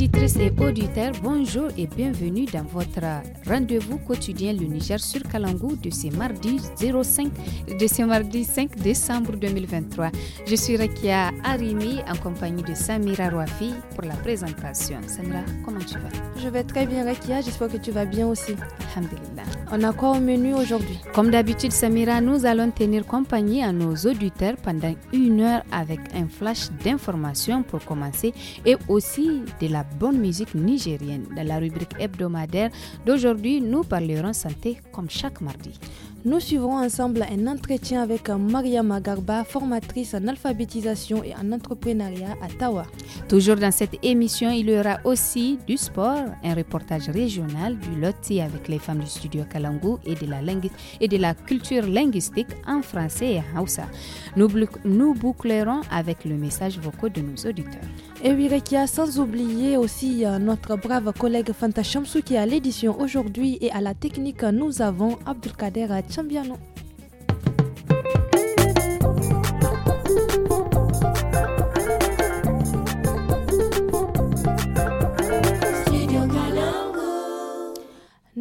Auditrices et auditeurs, bonjour et bienvenue dans votre rendez-vous quotidien Le Niger sur Kalangou de ce mardi 05 de ce mardi 5 décembre 2023. Je suis Rekia Arimi en compagnie de Samira Rouafi pour la présentation. Samira, comment tu vas je vais très bien, Rakia. J'espère que tu vas bien aussi. On a quoi au menu aujourd'hui Comme d'habitude, Samira, nous allons tenir compagnie à nos auditeurs pendant une heure avec un flash d'informations pour commencer et aussi de la bonne musique nigérienne. Dans la rubrique hebdomadaire d'aujourd'hui, nous parlerons santé comme chaque mardi. Nous suivrons ensemble un entretien avec Maria Magarba, formatrice en alphabétisation et en entrepreneuriat à Tawa. Toujours dans cette émission, il y aura aussi du sport, un reportage régional du Loti avec les femmes du studio Kalangu et de la, et de la culture linguistique en français et en Hausa. Nous, Nous bouclerons avec le message vocaux de nos auditeurs. Et oui, Rekia, sans oublier aussi euh, notre brave collègue Fanta qui est à l'édition aujourd'hui et à la technique, nous avons Abdulkader Chambiano.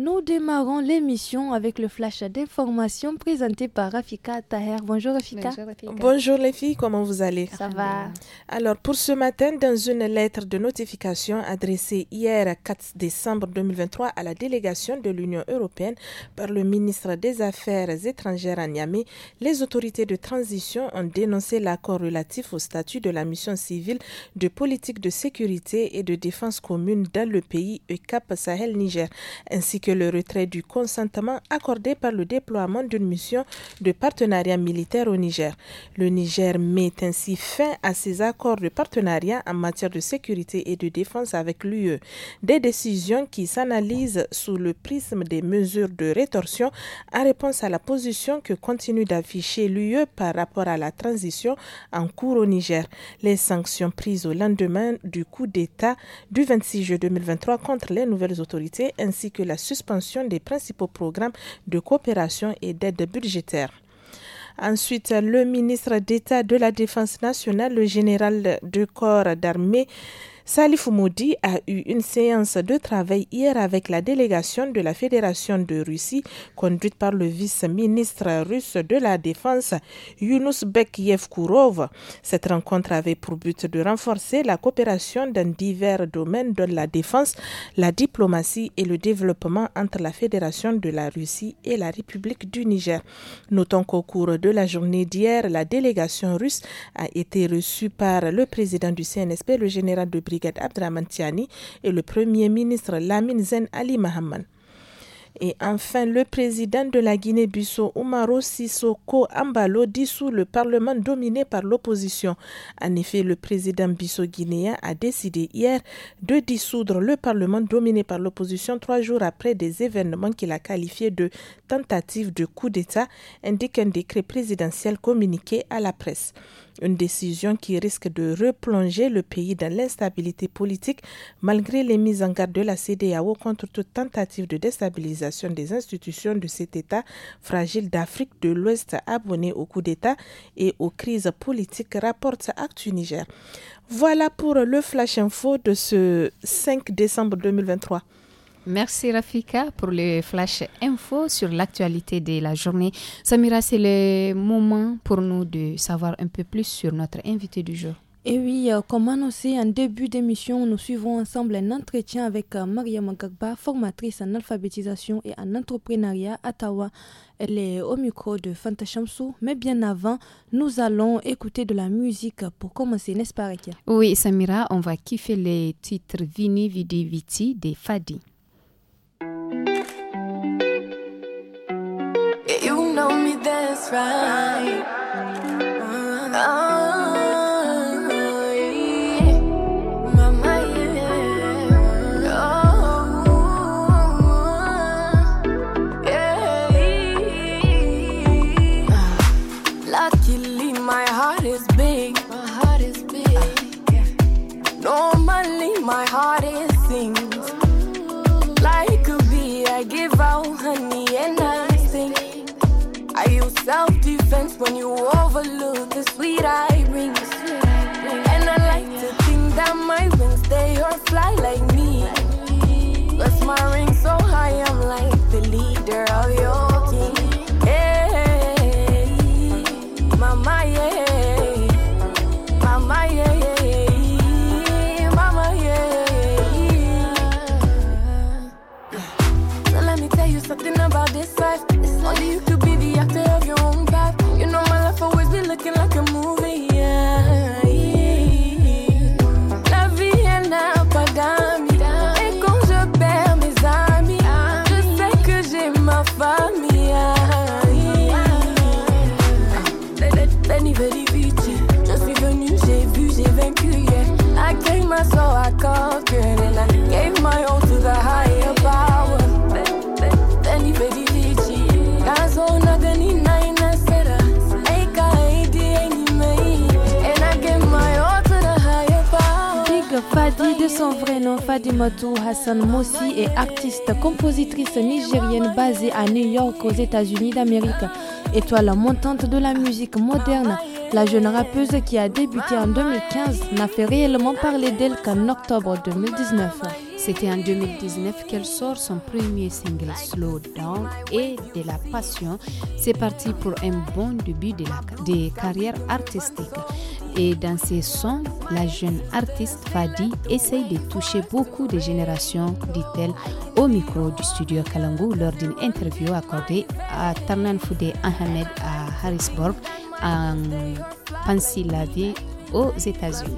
Nous démarrons l'émission avec le flash d'information présenté par Rafika Taher. Bonjour Rafika. Bonjour, les filles, comment vous allez Ça, va. Alors pour ce matin, dans une lettre de notification adressée hier 4 décembre 2023 à la délégation de l'Union européenne par le ministre des Affaires étrangères à Niamey, les autorités de transition ont dénoncé l'accord relatif au statut de la mission civile de politique de sécurité et de défense commune dans le pays ECAP Sahel Niger, ainsi que le retrait du consentement accordé par le déploiement d'une mission de partenariat militaire au Niger. Le Niger met ainsi fin à ses accords de partenariat en matière de sécurité et de défense avec l'UE. Des décisions qui s'analysent sous le prisme des mesures de rétorsion en réponse à la position que continue d'afficher l'UE par rapport à la transition en cours au Niger. Les sanctions prises au lendemain du coup d'État du 26 juin 2023 contre les nouvelles autorités ainsi que la suspension des principaux programmes de coopération et d'aide budgétaire. Ensuite, le ministre d'État de la Défense nationale, le général de corps d'armée, Salif Moudi a eu une séance de travail hier avec la délégation de la Fédération de Russie, conduite par le vice-ministre russe de la Défense, Yunus Bekyev-Kourov. Cette rencontre avait pour but de renforcer la coopération dans divers domaines de la défense, la diplomatie et le développement entre la Fédération de la Russie et la République du Niger. Notons qu'au cours de la journée d'hier, la délégation russe a été reçue par le président du CNSP, le général de brigade Abdramantiani et le premier ministre Lamine Zen Ali Mahamman. Et enfin, le président de la Guinée-Bissau, Umaro Sissoko Ambalo, dissout le Parlement dominé par l'opposition. En effet, le président bissau-guinéen a décidé hier de dissoudre le Parlement dominé par l'opposition trois jours après des événements qu'il a qualifiés de tentative de coup d'État, indique un décret présidentiel communiqué à la presse. Une décision qui risque de replonger le pays dans l'instabilité politique malgré les mises en garde de la CDAO contre toute tentative de déstabilisation des institutions de cet État fragile d'Afrique de l'Ouest abonné au coup d'État et aux crises politiques, rapporte Actu Niger. Voilà pour le Flash Info de ce 5 décembre 2023. Merci Rafika pour le flash info sur l'actualité de la journée. Samira, c'est le moment pour nous de savoir un peu plus sur notre invité du jour. Et oui, euh, comme annoncé en début d'émission, nous suivons ensemble un entretien avec euh, Maria formatrice en alphabétisation et en entrepreneuriat à Tawa. Elle est au micro de Fanta Shamsou, mais bien avant, nous allons écouter de la musique pour commencer, n'est-ce pas Rekia Oui, Samira, on va kiffer les titres Vini Vidi Viti des Fadi. You know me, that's right. Uh, uh. offense when you overlook the sweet I rings, And I like to think that my wings, they are fly like me. Plus my ring so high, I'm like the leader of your aux États-Unis d'Amérique. Étoile montante de la musique moderne, la jeune rappeuse qui a débuté en 2015 n'a fait réellement parler d'elle qu'en octobre 2019. C'était en 2019 qu'elle sort son premier single Slow Down et de la passion. C'est parti pour un bon début de carrière artistique. Et dans ses sons, la jeune artiste Fadi essaye de toucher beaucoup de générations, dit-elle, au micro du studio Kalangu lors d'une interview accordée à Tarnan Foudé Ahmed à Harrisburg, en Pennsylvanie, aux États-Unis.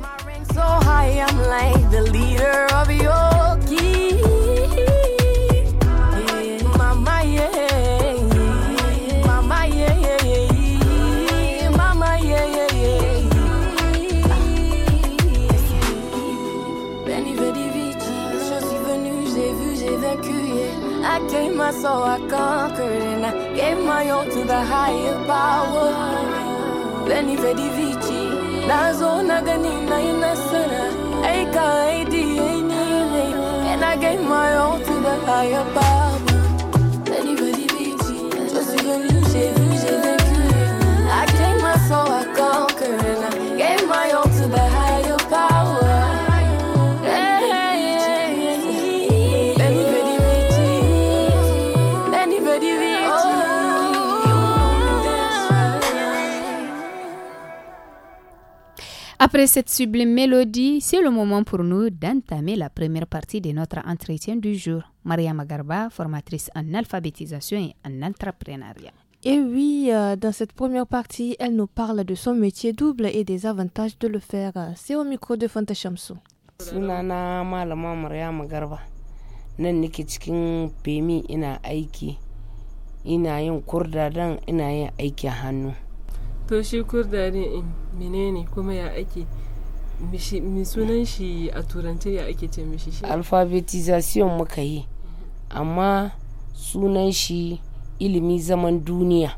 in my soul I conquered and I gave my all to the higher power. Venive di vici, la zona ganina in a sana, eka aidi and I gave my all to the higher power. Venive di vici, je suis venu, j'ai vu, j'ai Après cette sublime mélodie, c'est le moment pour nous d'entamer la première partie de notre entretien du jour. Maria Magarba, formatrice en alphabétisation et en entrepreneuriat. Et oui, euh, dans cette première partie, elle nous parle de son métier double et des avantages de le faire. C'est au micro de Fanta ina aiki ina ina hannu to shi kurdani eh, menene kuma ya ake mi sunan shi a turance ya ake ce mishi shi alfabetization muka yi amma sunan shi ilimi zaman duniya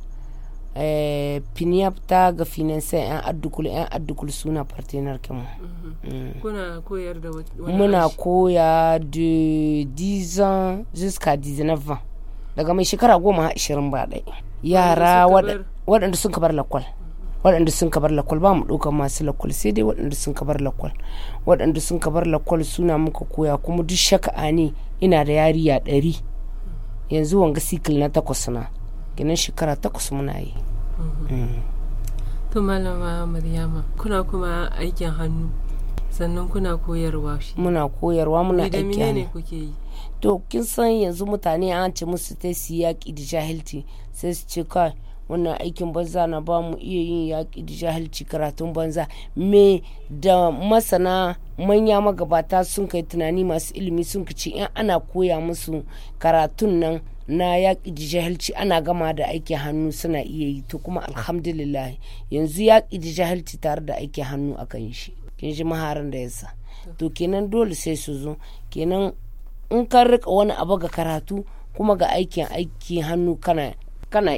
eh, piniyafta ga finansa 'yan addukul 'yan addukul suna partenar kemu mhm. mm. kuna koyar da wani muna koya de 10 jusqu'à 19 daga mai shekara goma ashirin ba ɗaya yara waɗanda sun kabar lakwal waɗanda sun kabar lakwal ba mu ɗaukar masu lakwal sai dai waɗanda sun kabar lakwal waɗanda sun kabar lakwal suna muka koya kuma duk shaka'a ne ina da yariya ɗari yanzu wanga sikil na takwas na ginin shekara takwas muna yi mhm. mm. malama maryama kuna kuma aikin hannu sannan kuna koyarwa shi muna koyarwa muna aiki ne kuke yi to kin san yanzu mutane an ce musu ta siya yaƙi da jahilci sai su ce kai wannan aikin banza na ba mu iya yin yaƙi da jahilci karatun banza me da masana manya magabata sun kai tunani masu ilimi sun ci in ana koya musu karatun nan na yaƙi da jahilci ana gama da aiki hannu suna iya yi to kuma alhamdulillah yanzu yaƙi da jahilci tare da aiki hannu a kan shi kin ji maharin da yasa to kenan dole sai su zo kenan in ka rika wani abu ga karatu kuma ga aikin aiki hannu kana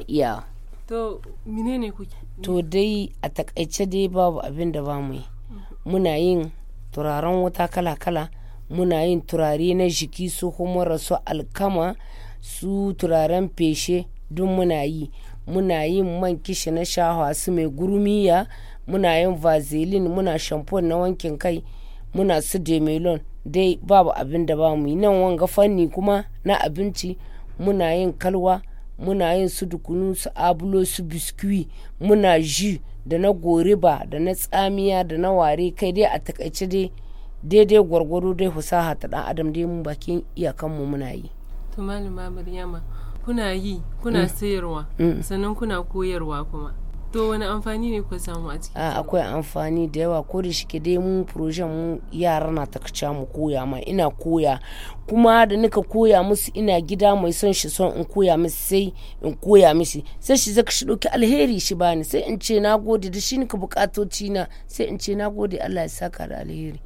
iya to menene kuke to dai a takaice dai babu abin da ba yi muna yin turaren wuta kala-kala muna yin turare na jiki su kuma rasu alkama su turaren feshe duk muna yi muna yin man kishi na shahwa su mai gurumiya muna yin vaseline muna shampo na wankin kai muna su demelon dai babu abin da ba mu yi nan wanga fanni kuma na abinci muna yin kalwa muna yin su dukunu su abulo su biskwi muna ji da na goriba da na tsamiya da na ware kai dai a takaice dai daidai gwargwaro dai fasaha ta dan adam dai mu bakin iyakanmu muna yi to kuna yi kuna mm. sayarwa mm. sannan kuna koyarwa kuma to wani amfani ne kuka samu a ciki ah, akwai amfani da yawa ko da shike dai mun projen mun yara na takca mu koya ma ina koya kuma da nika koya musu ina gida mai son shi son in koya musu sai in koya musu sai shi zaka shi dauki alheri shi bani sai in ce nagode da shi nika bukatoci na sai in ce nagode Allah ya saka da alheri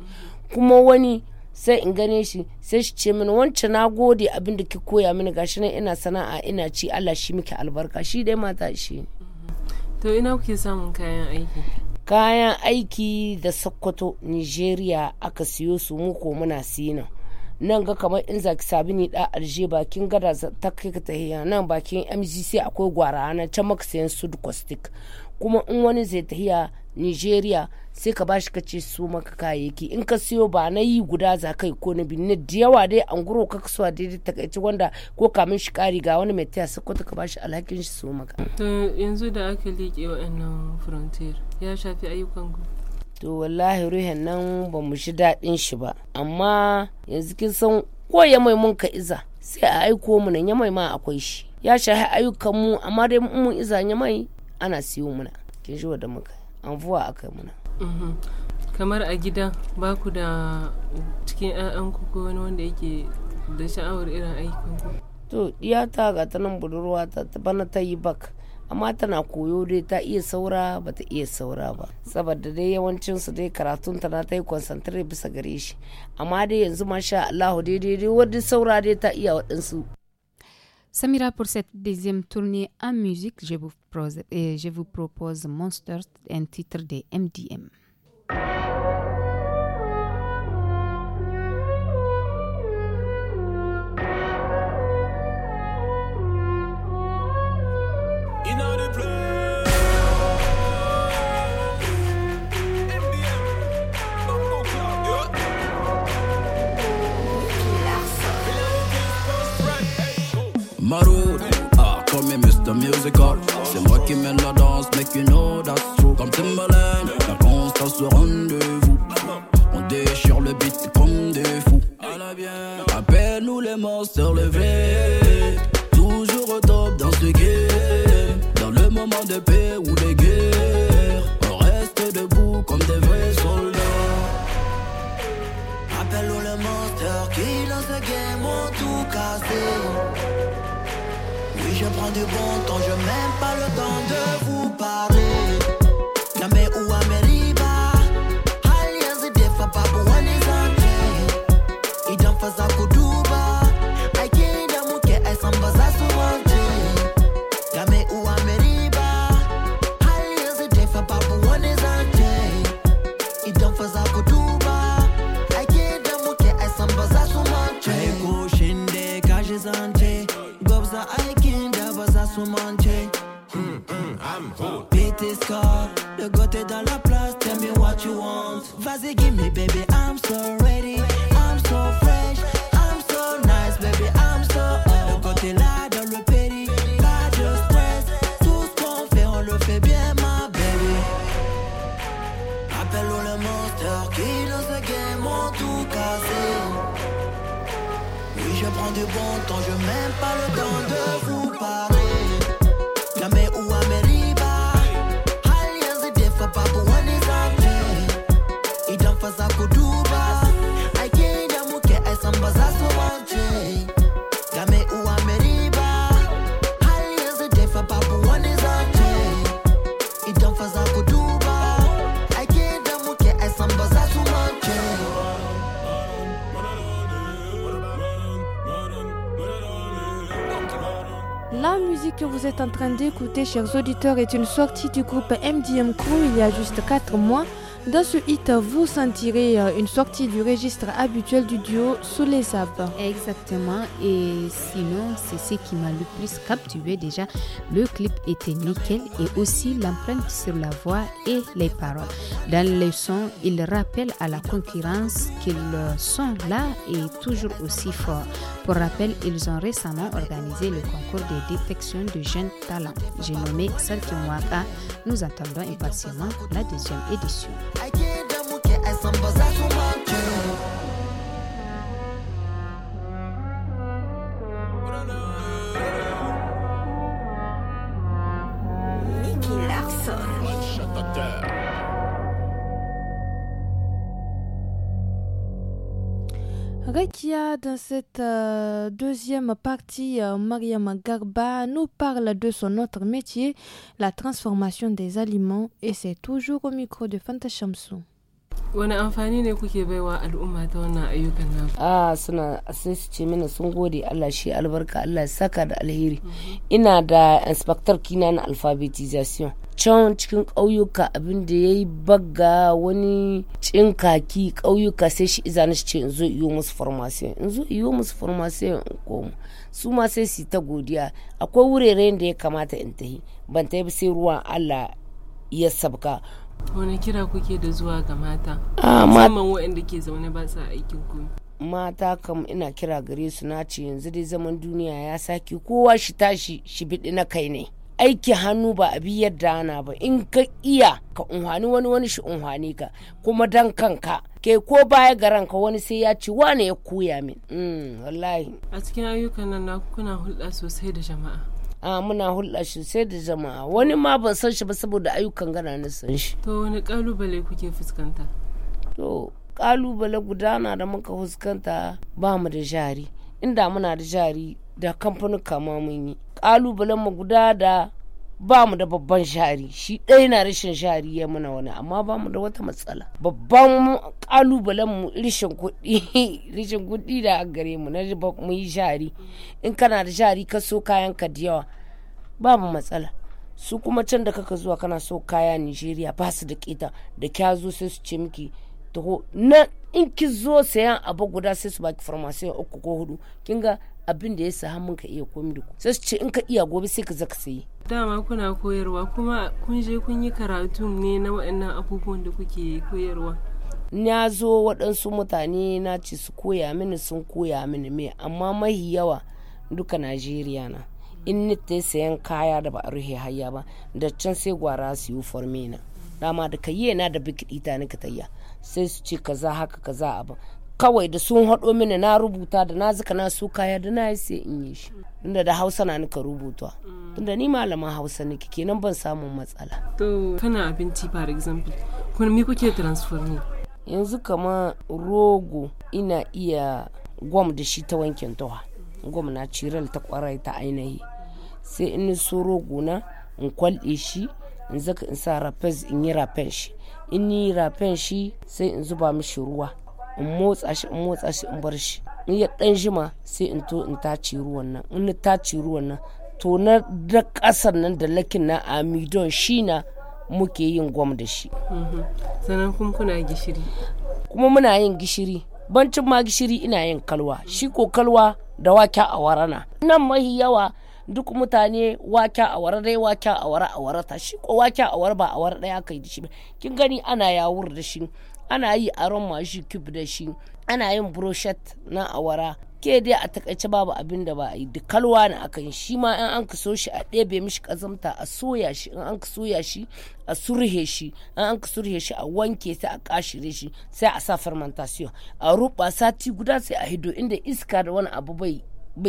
kuma wani sai in gane shi sai shi ce mini wance na gode abin da ki koya mini gashi nan ina sana'a ina ci Allah shi miki albarka shi dai mata shi ne to ina kuke samun kayan aiki kayan aiki da sokoto nigeria aka siyo su muku muna sinan nan ga kamar in zaki sabi ni da arje bakin gada ta kai ta nan bakin mgc akwai gwara nan can maka sayan sud kuma in wani zai tahiya nigeria sai ka bashi ka ce su maka kayayyaki in ka siyo ba na yi guda za kai ko na biyu da yawa dai an guro ka kasuwa daidai takaici wanda ko kamin shi kari ga wani mai taya ta ka bashi alhakin shi su maka. to yanzu da aka liƙe wa'annan frontier ya shafi ayyukan ku. to wallahi ruhen nan ba mu shi daɗin shi ba amma yanzu kin san ko ya mai mun ka iza sai a aiko mu nan ya mai ma akwai shi ya shahi ayyukan mu amma dai mun iza ya mai ana siyo muna kin shi da muka an vuwa aka muna mhm. kamar a gida ba ku da cikin 'ya'yanku ko wani wanda yake da sha'awar irin aikin ku to iyata ga ta nan budurwa ta bana ta yi bak amma tana koyo dai ta iya saura ba ta iya saura ba saboda dai yawancin su dai karatun ta na ta yi concentrate bisa gare shi amma dai yanzu masha allahu daidai dai wadda saura dai ta iya waɗansu Samira, pour cette deuxième tournée en musique, je vous, propose, et je vous propose Monsters, un titre des MDM. maraude. Ah, call me Mr. Musical. C'est moi qui mène la danse, mec, you know that's true. Comme Timbaland, la constance se rendez-vous. On déchire le beat comme des fous. À peine nous les monstres levés. Toujours au top dans ce game. Dans le moment de paix ou de guerre. On reste debout comme des vrais soldats. Appelle-nous le monstres qui dans ce game ont tout cassé. De du bon temps, je m'aime pas le temps de vous parler. train d'écouter, chers auditeurs, est une sortie du groupe MDM Crew il y a juste 4 mois. Dans ce hit, vous sentirez euh, une sortie du registre habituel du duo sous les sables. Exactement, et sinon, c'est ce qui m'a le plus captivé déjà. Le clip était nickel et aussi l'empreinte sur la voix et les paroles. Dans les sons, il rappelle à la concurrence qu'ils euh, sont là et toujours aussi forts. Pour rappel, ils ont récemment organisé le concours de détection de jeunes talents. J'ai nommé Sarki Nous attendons impatiemment la deuxième édition. ake da muke a I'm so su Laetitia, dans cette euh, deuxième partie, euh, Mariam Garba nous parle de son autre métier, la transformation des aliments, et c'est toujours au micro de Fanta Shamsou. wani ne kuke baiwa al'umma ta wannan ayyukan a ah, suna assist su ce mana sun gode Allah shi albarka Allah saka da alheri mhm. ina da inspector kina na alphabetization can cikin ƙauyuka abin da ya yi bagga wani cinkaki ƙauyuka sai shi izana shi ce in zo iyo musu formation in zo iyo musu formation in koma su ma sai su ta godiya akwai wuraren da ya kamata in tahi ban ta yi sai ruwan allah ya sabka wani kira kuke da zuwa ga mata ah, musamman waɗanda ke zaune ba sa aikin ku mata kam ina kira gare su na ce yanzu dai zaman duniya ya sake kowa shi tashi shi biɗi na kai ne aiki hannu ba abi yadda ana ba in ka iya ka unhani wani wani shi unhani ka kuma dan kanka ke ko baya ga ranka wani sai ya ci wane ya koya min mm, wallahi a cikin ayyukan nan na kuna hulɗa sosai da jama'a a muna hulɗa sosai da jama'a wani ma ban san shi ba saboda ayyukan gana na san shi to wani kalubale kuke fuskanta to kalubale gudana da muka fuskanta ba mu da jari inda muna da jari da kamfanin kama mun yi ƙalubalen mu guda da ba mu da babban shari shi ɗaya na rashin shari ya mana wani amma ba mu da wata matsala babban ƙalubalen mu rashin kuɗi rashin kuɗi da a gare mu na mu yi shari in kana da shari ka so kayan ka da yawa babu matsala su kuma can da kaka zuwa kana so kaya nigeria ba su da ƙeta da kya zo sai su ce miki taho na in ki zo sayan abu guda sai su baki farmasiyan uku ko hudu kin ga abin da ya sa hannun ka iya komi da ku sai su ce in ka iya gobe sai ka zaka sayi dama kuna koyarwa kuma kun je kun yi karatu ne na waɗannan abubuwan da kuke koyarwa na zo waɗansu mutane na ce su koya mini sun koya mini me amma mahi yawa duka najeriya na in ni ta sayan kaya da ba a rufe hayya ba da can sai gwara su yi formina dama da ka yi na da bikidi ta nika tayya sai su ce kaza haka kaza abin kawai da sun haɗo mini na rubuta da na zika na su kaya da na yi sai in yi shi tunda da hausa na nika rubuta tunda ni malaman hausa nake kenan ban samun matsala to kana abinci for example kuma me kuke transfer ne yanzu kama rogo ina iya gwam da shi ta wankin tawa gwam na ciral ta kwarai ta ainihi sai in so rogo na in kwalɗe shi in zaka in sa rapes in yi rafen shi in yi rafen shi sai in zuba mishi ruwa in motsa shi in motsa shi in bar shi in ya dan jima sai in to in tace ruwan nan in ni tace ruwan nan to na da kasar nan da lakin na amidon shi na muke yin gwam da shi mhm. sannan kuma kuna gishiri kuma muna yin gishiri bancin ma gishiri ina yin kalwa shi ko kalwa da waka a warana nan mahi yawa duk mutane waka a wara dai wake a wara a warata shi ko waka a wara ba a wara daya kai yi da shi kin gani ana yawur da shi ana yi aron mashi cube da shi ana yin brochet na awara ke dai a takaice babu abin da ba a yi da kalwa na akan shi ma in an kaso shi a ɗebe mishi kazamta a soya shi in an soya shi a surhe shi in an surhe shi a wanke sai a kashire shi sai a sa fermentation a ruba sati guda sai a hido inda iska da wani abu bai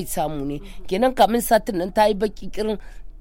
samu ne kenan kamin satin nan ta yi baki kirin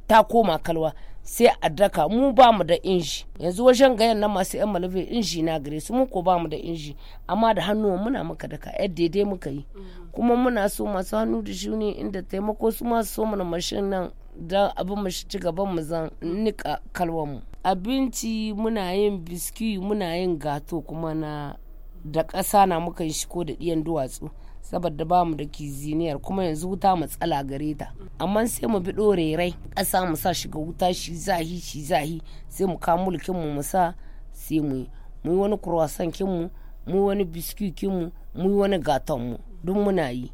ta koma kalwa sai a daka mu ba mu da inji yanzu wajen gayan na masu yan malafi inji na gare su mu ko ba mu da inji amma da hannuwa muna maka daka yadda daidai muka yi kuma muna so masu hannu da ne inda taimako su ma so mana mashin nan don abin mu ci gaban mu zan nika kalwan abinci muna yin biski muna yin gato kuma na da ƙasa na muka yi ko da ɗiyan duwatsu saboda ba mu da kiziniyar kuma yanzu wuta matsala gare ta amma sai mu bi ɗorerai ƙasa mu sa shiga wuta shi zahi shi zahi sai mu kawo mulkin mu mu sa sai mu yi mu wani croissant kinmu mu wani biskit kinmu mu mu wani gaton mu duk muna yi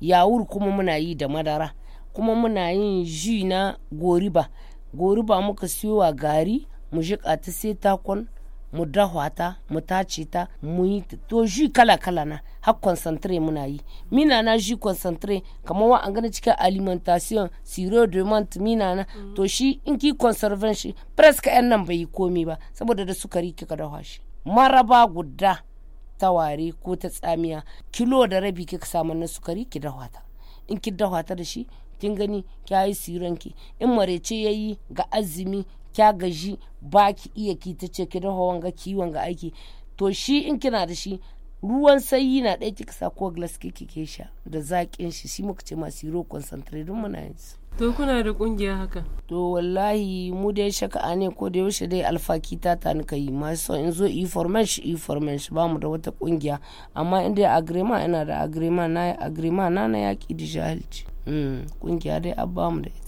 yawur kuma muna yi da madara kuma muna yin ji na goriba goriba muka siyo wa gari mu jiƙa ta sai takon mu dahwa ta mu tace ta mu yi to ji kala kala na har concentré muna yi mina na ji concentré kamar wa an gani cikin alimentation siro de mont mina na to shi in ki conservation shi presque yan nan bai yi komi ba saboda da sukari kika dahwa shi maraba guda ta ware ko ta tsamiya kilo da rabi kika samu na sukari ki dahwa ta in ki dahwa ta da shi kin gani kya yi siranki in marece yayi ga azumi kya gaji ba ki iya ki ta ce ki dafa wanga ki wanga aiki to shi in kina da shi ruwan sanyi na ɗaya kika sa ko glass kike ke sha da zaƙin shi shi muka ce ma siro concentrate dun muna yin su to kuna da kungiya haka to wallahi mu dai a ne ko da yaushe dai alfaki ta ta nika yi masu so in zo yi shi yi shi ba mu da wata kungiya amma in dai agrema ina da agrema na agrema na na yaƙi da jahilci kungiya mm, dai abba mu da ita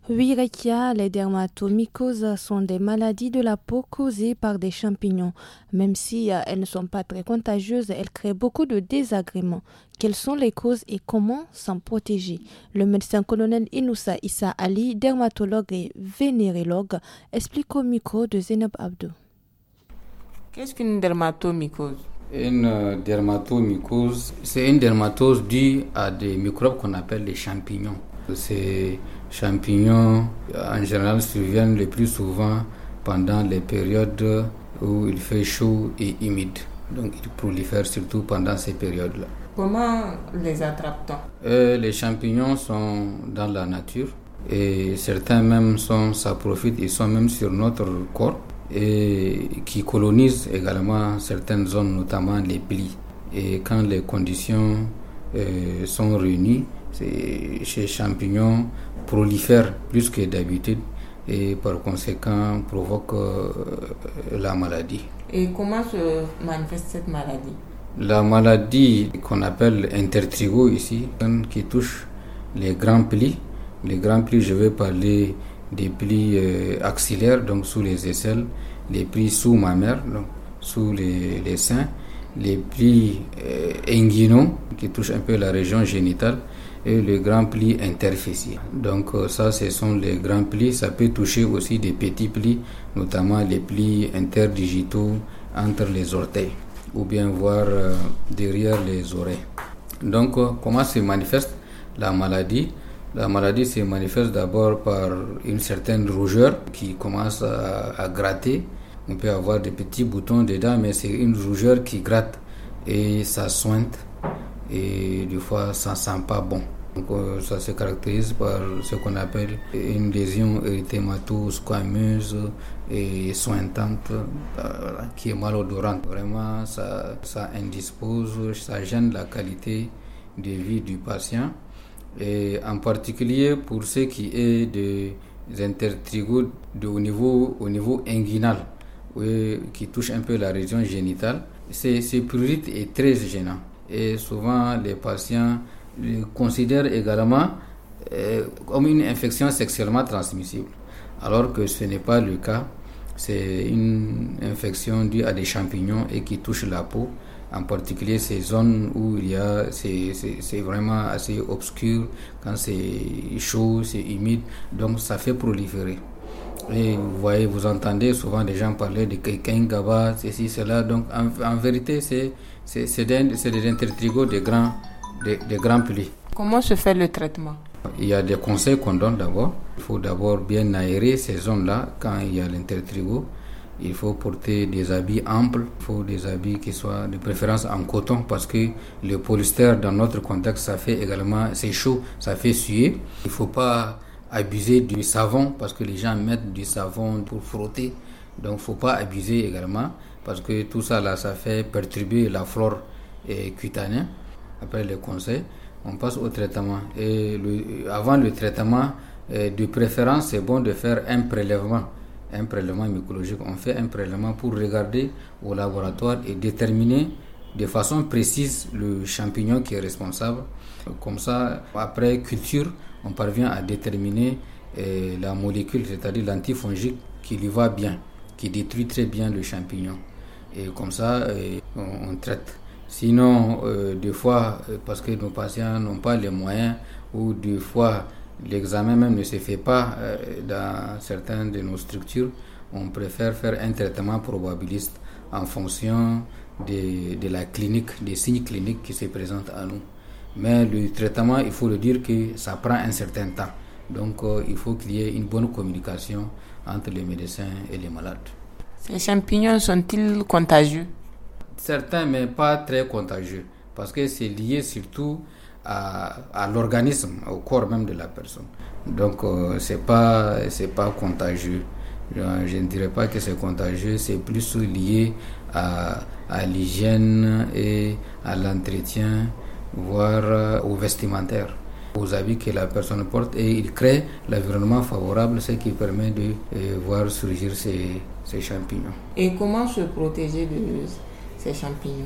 Rekia, les dermatomycoses sont des maladies de la peau causées par des champignons. Même si euh, elles ne sont pas très contagieuses, elles créent beaucoup de désagréments. Quelles sont les causes et comment s'en protéger Le médecin colonel Inoussa Issa Ali, dermatologue et vénérologue, explique au micro de Zenob Abdou. Qu'est-ce qu'une dermatomycose Une euh, dermatomycose, c'est une dermatose due à des microbes qu'on appelle les champignons. C'est champignons, en général, surviennent le plus souvent pendant les périodes où il fait chaud et humide. Donc, ils prolifèrent surtout pendant ces périodes-là. Comment les attrape-t-on euh, Les champignons sont dans la nature et certains même sont, ça profite, ils sont même sur notre corps et qui colonisent également certaines zones, notamment les plis. Et quand les conditions euh, sont réunies, ces champignons prolifèrent plus que d'habitude et par conséquent provoquent euh, la maladie. Et comment se manifeste cette maladie La maladie qu'on appelle intertrigo ici, qui touche les grands plis. Les grands plis, je vais parler des plis euh, axillaires, donc sous les aisselles, les plis sous ma mère, donc sous les, seins, les plis euh, inguinaux qui touchent un peu la région génitale, et le grand pli interfécié. Donc euh, ça, ce sont les grands plis. Ça peut toucher aussi des petits plis, notamment les plis interdigitaux entre les orteils ou bien voir euh, derrière les oreilles. Donc euh, comment se manifeste la maladie la maladie se manifeste d'abord par une certaine rougeur qui commence à, à, gratter. On peut avoir des petits boutons dedans, mais c'est une rougeur qui gratte et ça sointe et des fois ça ne sent pas bon. Donc, euh, ça se caractérise par ce qu'on appelle une lésion érythématose, squameuse et sointante euh, qui est malodorante. Vraiment, ça, ça indispose, ça gêne la qualité de vie du patient. Et en particulier pour ce qui est des intertrigo de au, niveau, au niveau inguinal, qui touche un peu la région génitale, ce prurite est très gênant et souvent les patients le considèrent également euh, comme une infection sexuellement transmissible, alors que ce n'est pas le cas. C'est une infection due à des champignons et qui touche la peau, en particulier ces zones où il y a, c'est vraiment assez obscur, quand c'est chaud, c'est humide, donc ça fait proliférer. Et vous voyez, vous entendez souvent des gens parler de quelqu'un Gaba, ceci, cela. Donc en, vérité, c'est des intertrigos de grands, des grands plis. Comment se fait le traitement Il y a des conseils qu'on donne d'abord. Il faut d'abord bien aérer ces zones-là quand il y a l'intertrigo. Il faut porter des habits amples, il faut des habits qui soient de préférence en coton parce que le polystère dans notre contexte, ça fait également, c'est chaud, ça fait suer. Il ne faut pas abuser du savon parce que les gens mettent du savon pour frotter. Donc faut pas abuser également parce que tout ça là, ça fait perturber la flore eh, cutanée. Après le conseil, on passe au traitement. Et euh, avant le traitement, eh, de préférence, c'est bon de faire un prélèvement, un prélèvement mycologique. On fait un prélèvement pour regarder au laboratoire et déterminer de façon précise le champignon qui est responsable. Comme ça, après culture, on parvient à déterminer euh, la molécule, c'est-à-dire l'antifongique, qui lui va bien, qui détruit très bien le champignon. Et comme ça, euh, on, traite. Sinon, euh, des fois, euh, parce que nos patients n'ont pas les moyens, ou des fois, l'examen même ne se fait pas dans certaines de nos structures, on préfère faire un traitement probabiliste en fonction de, de la clinique, des signes cliniques qui se présentent à nous. Mais le traitement, il faut le dire que ça prend un certain temps. Donc euh, il faut qu'il y ait une bonne communication entre les médecins et les malades. Ces champignons sont-ils contagieux Certains, mais pas très contagieux, parce que c'est lié surtout à, l'organisme, au corps même de la personne. Donc euh, ce n'est pas contagieux. Je, ne dirais pas que c'est contagieux, c'est plus lié à l'hygiène et à l'entretien voire euh, aux vestimentaires aux habits que la personne porte et il crée l'environnement favorable, ce qui permet de euh, voir surgir ces, ces champignons. Et comment se protéger de ces champignons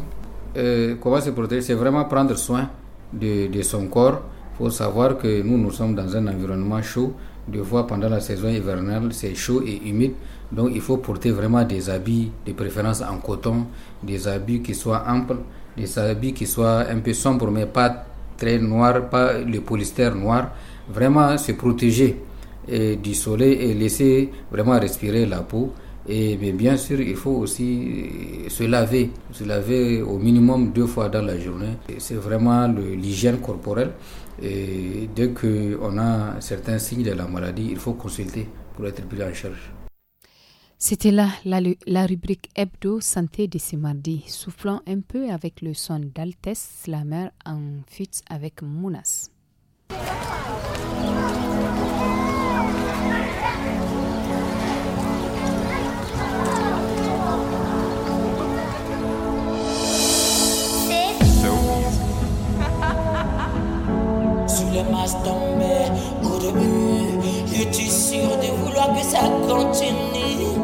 euh, Comment se protéger C'est vraiment prendre soin de, son corps. Il faut savoir que nous, nous sommes dans un environnement chaud. Des fois, pendant la saison hivernale, c'est chaud et humide. Donc, il faut porter vraiment des habits, de préférence en coton, des habits qui soient amples des habits qui soient un peu sombres, mais pas très noirs, pas le polyester noir. Vraiment se protéger du soleil et laisser vraiment respirer la peau. Et mais bien sûr, il faut aussi euh, se laver, se laver au minimum deux fois dans la journée. C'est vraiment l'hygiène corporelle. Et dès qu'on a certains signes de la maladie, il faut consulter pour être pris en charge. C'était là la, rubrique hebdo santé de ce mardi, soufflant un peu avec le son d'Altès, la mère en fuite avec Mounas. Sous le masses d'envers, au début, je suis sûr de vouloir que ça continue.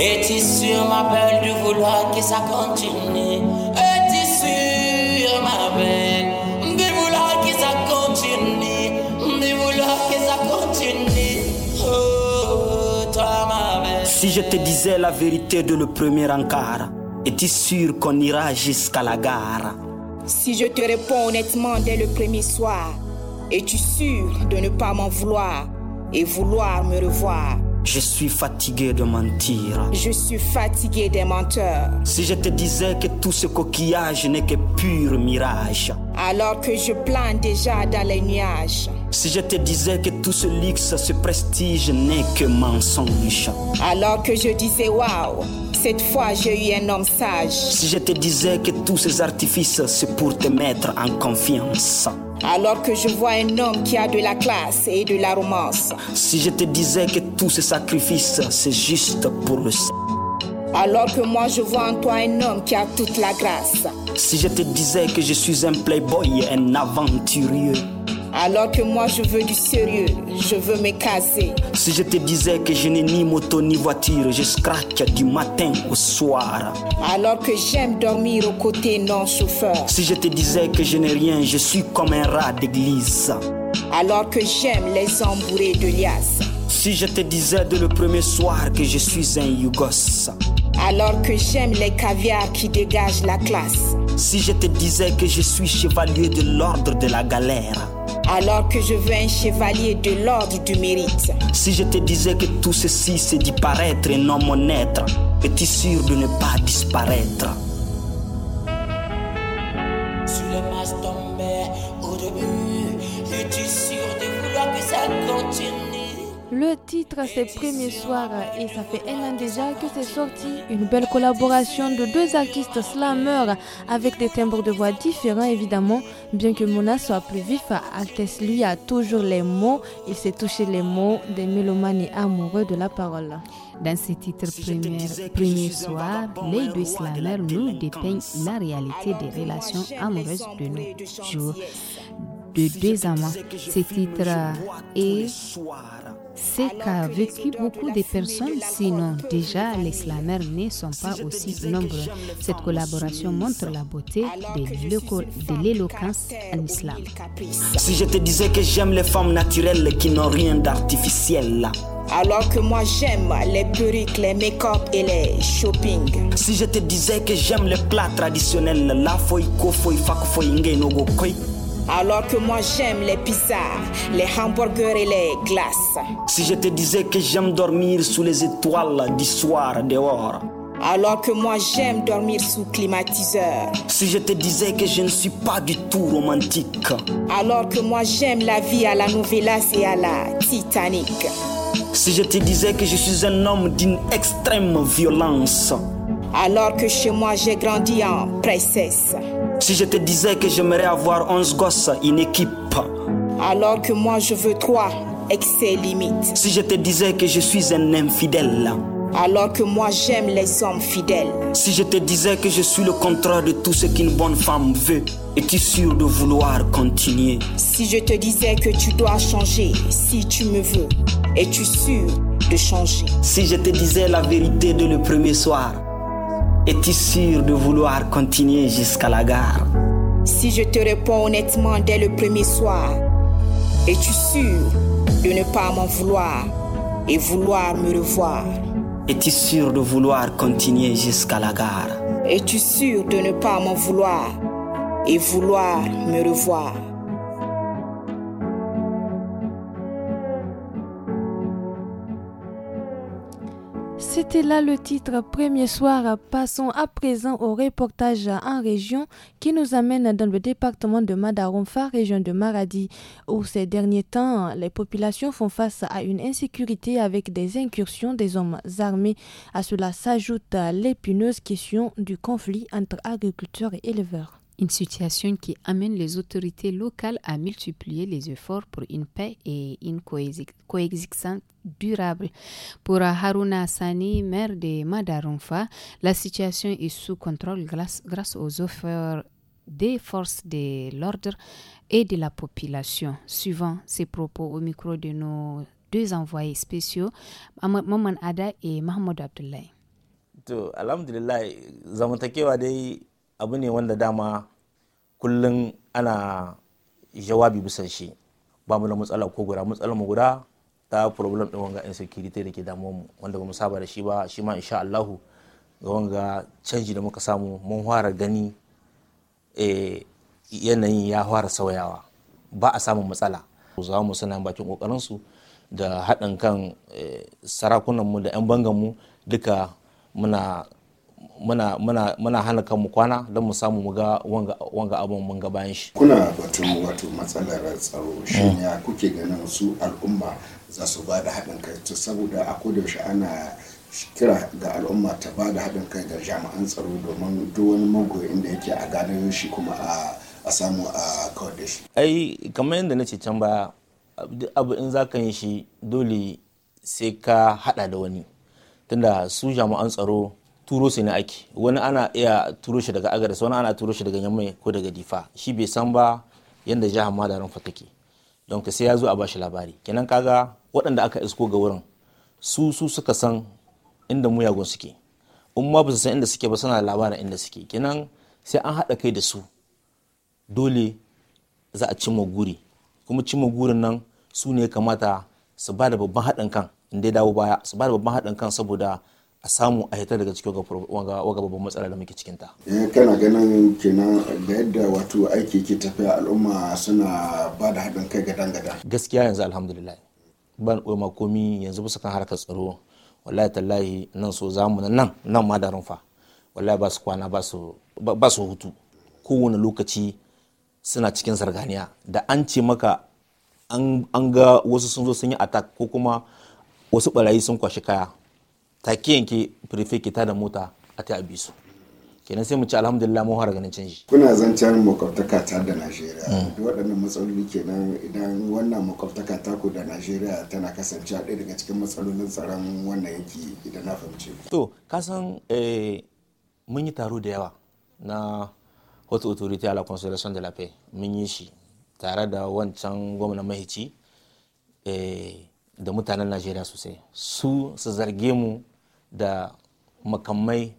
Et tu sûr, ma belle, de vouloir que ça continue. Et tu sûr, ma belle, de vouloir que ça continue. De vouloir que ça continue. Oh, toi, ma belle. Si je te disais la vérité de le premier encart, es-tu sûr qu'on ira jusqu'à la gare? Si je te réponds honnêtement dès le premier soir, es-tu sûr de ne pas m'en vouloir et vouloir me revoir? Je suis fatigué de mentir. Je suis fatigué des menteurs. Si je te disais que tout ce coquillage n'est que pur mirage. Alors que je plane déjà dans les nuages. Si je te disais que tout ce luxe, ce prestige n'est que mensonge. Alors que je disais waouh, cette fois j'ai eu un homme sage. Si je te disais que tous ces artifices, c'est pour te mettre en confiance alors que je vois un homme qui a de la classe et de la romance. Si je te disais que tout ce sacrifice, c'est juste pour le alors que moi je vois en toi un homme qui a toute la grâce. Si je te disais que je suis un playboy, un aventurier. Alors que moi je veux du sérieux, je veux me casser. Si je te disais que je n'ai ni moto ni voiture, je scraque du matin au soir. Alors que j'aime dormir aux côtés non-chauffeur. Si je te disais que je n'ai rien, je suis comme un rat d'église. Alors que j'aime les embourrés de liasse. Si je te disais dès le premier soir que je suis un Yougos. Alors que j'aime les caviars qui dégagent la classe. Si je te disais que je suis chevalier de l'ordre de la galère alors que je veux un chevalier de l'ordre du mérite. Si je te disais que tout ceci c'est d'y paraître et non mon être, es-tu sûr de ne pas disparaître Sur Le titre, c'est Premier Soir et ça fait un an déjà que c'est sorti. Une belle collaboration de deux artistes slameurs avec des timbres de voix différents évidemment. Bien que Mona soit plus vif, Altes lui a toujours les mots. Il s'est touché les mots des mélomanes amoureux de la parole. Dans ce titre premier, premier soir, les deux slameurs nous dépeignent la réalité des relations amoureuses de nos jours de deux amants. Ce titre est c'est qu'a vécu beaucoup de personnes, sinon déjà les slamers ne sont pas aussi nombreux. Cette collaboration montre la beauté de l'éloquence en islam. Si je te disais que j'aime les femmes naturelles qui n'ont rien d'artificiel, alors que moi j'aime les perruques, les make-up et les shopping. Si je te disais que j'aime les plats traditionnels, la foi, kofoi, alors que moi j'aime les pizzas, les hamburgers et les glaces. Si je te disais que j'aime dormir sous les étoiles du soir dehors. Alors que moi j'aime dormir sous climatiseur. Si je te disais que je ne suis pas du tout romantique. Alors que moi j'aime la vie à la Nouvelle et à la Titanic. Si je te disais que je suis un homme d'une extrême violence alors que chez moi j'ai grandi en princesse. Si je te disais que j'aimerais avoir 11 gosses, une équipe. Alors que moi je veux trois, excès limites. Si je te disais que je suis un infidèle. Alors que moi j'aime les hommes fidèles. Si je te disais que je suis le contraire de tout ce qu'une bonne femme veut, es-tu sûr de vouloir continuer Si je te disais que tu dois changer, si tu me veux, es-tu sûr de changer Si je te disais la vérité de le premier soir, es-tu sûr de vouloir continuer jusqu'à la gare Si je te réponds honnêtement dès le premier soir, es-tu sûr de ne pas m'en vouloir et vouloir me revoir Es-tu sûr de vouloir continuer jusqu'à la gare Es-tu sûr de ne pas m'en vouloir et vouloir me revoir C'était là le titre Premier soir. Passons à présent au reportage en région qui nous amène dans le département de Madaronfa, région de Maradi, où ces derniers temps, les populations font face à une insécurité avec des incursions des hommes armés. À cela s'ajoute l'épineuse question du conflit entre agriculteurs et éleveurs. Une situation qui amène les autorités locales à multiplier les efforts pour une paix et une coexistence durable. Pour Haruna Sani, maire de Madarunfa, la situation est sous contrôle grâce, aux efforts des forces de l'ordre et de la population. Suivant ces propos au micro de nos deux envoyés spéciaux, Maman Ada et Mahmoud Abdullahi. To, alhamdulillah, abu ne wanda dama kullum ana jawabi bisan shi ba mu da matsala ko guda matsala mu guda ta problem din wanga insecurity da ke damuwa mu wanda bamu saba da shi ba shi ma insha Allahu ga wanga canji da muka samu mun fara gani eh yanayin ya fara sauyawa ba a samun matsala za mu suna bakin kokarin su da haɗin kan eh, sarakunanmu da 'yan bangan mu duka muna muna muna muna hana kanmu kwana don mu samu mu ga wanga wanga mun ga bayan shi kuna batun wato matsalar tsaro shi ya kuke ganin su al'umma za su ba da haɗin kai saboda a kodayaushe ana kira ga al'umma ta ba da haɗin kai ga jami'an tsaro domin duk wani magoyin inda yake a gano shi kuma a samu a kawar da shi. ai kamar yadda na ce can baya abu in za ka yi shi dole sai ka haɗa da wani tunda su jami'an tsaro turo su ne ake wani ana iya turo shi daga agadas wani ana turo shi daga yamma ko daga difa shi bai san ba yadda jihar madarin fa take don ka sai ya zo a bashi labari kenan kaga waɗanda aka isko ga wurin su su suka san inda muyagun suke in ma ba su san inda suke ba suna labarin inda suke kenan sai an haɗa kai da su dole za a cimma guri kuma cimma gurin nan su ne kamata su ba da babban haɗin kan in dai dawo baya su ba da babban haɗin kan saboda a samu a hitar daga cikin waga babban matsala da muke cikin ta in eh, kana ganin kenan da yadda wato aiki ke tafiya al'umma suna ba da haɗin kai gadan gadan gaskiya yanzu alhamdulillah ban ɗoma komi yanzu bisa kan harkar tsaro wallahi tallahi nan so zamu nan nan ma da rumfa wallahi ba su kwana ba su hutu kowane lokaci suna cikin zarganiya da an ce maka an ga wasu sun zo sun yi attack ko kuma wasu barayi sun kwashi kaya ta yanke prefe ke da mota a ta bi su kenan sai mu ci alhamdulillah mu fara ganin canji kuna zancen makwabtaka ta da Najeriya duk waɗannan matsaloli kenan idan wannan makwabtaka ta ku da Najeriya tana kasancewa ɗaya daga cikin matsalolin tsaron wannan yanki idan na fahimce to kasan eh, mun yi taro da yawa na hot authority ala Consolation de la Paix mun yi shi tare da wancan gwamnan mahici eh, da mutanen Najeriya sosai su su zarge mu da makamai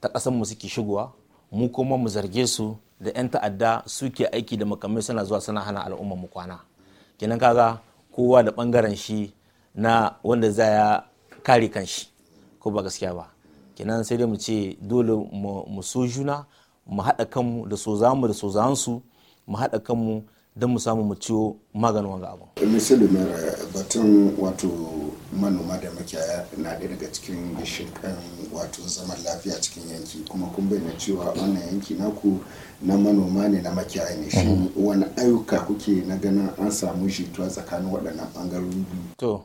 ta ƙasanmu suke shigowa mu kuma mu zarge su da 'yan ta'adda suke aiki da makamai suna zuwa suna hana al'ummar mu kwana kenan kaga kowa da ɓangaren shi na wanda za ya kare kanshi ko ba gaskiya ba kenan sai dai mu ce dole mu so juna mu haɗa kanmu da so zamu da so mu haɗa kanmu don mu samu mu ciwo maganin wanga abu. Mr. Lumera batun wato manoma da makiyaya na ɗaya daga cikin gishikan wato zaman lafiya cikin yanki kuma kun bayyana cewa wannan yanki naku na manoma ne na makiyaya ne shi wani ayyuka kuke na ganin an samu tuwa tsakanin waɗannan ɓangarori biyu. To,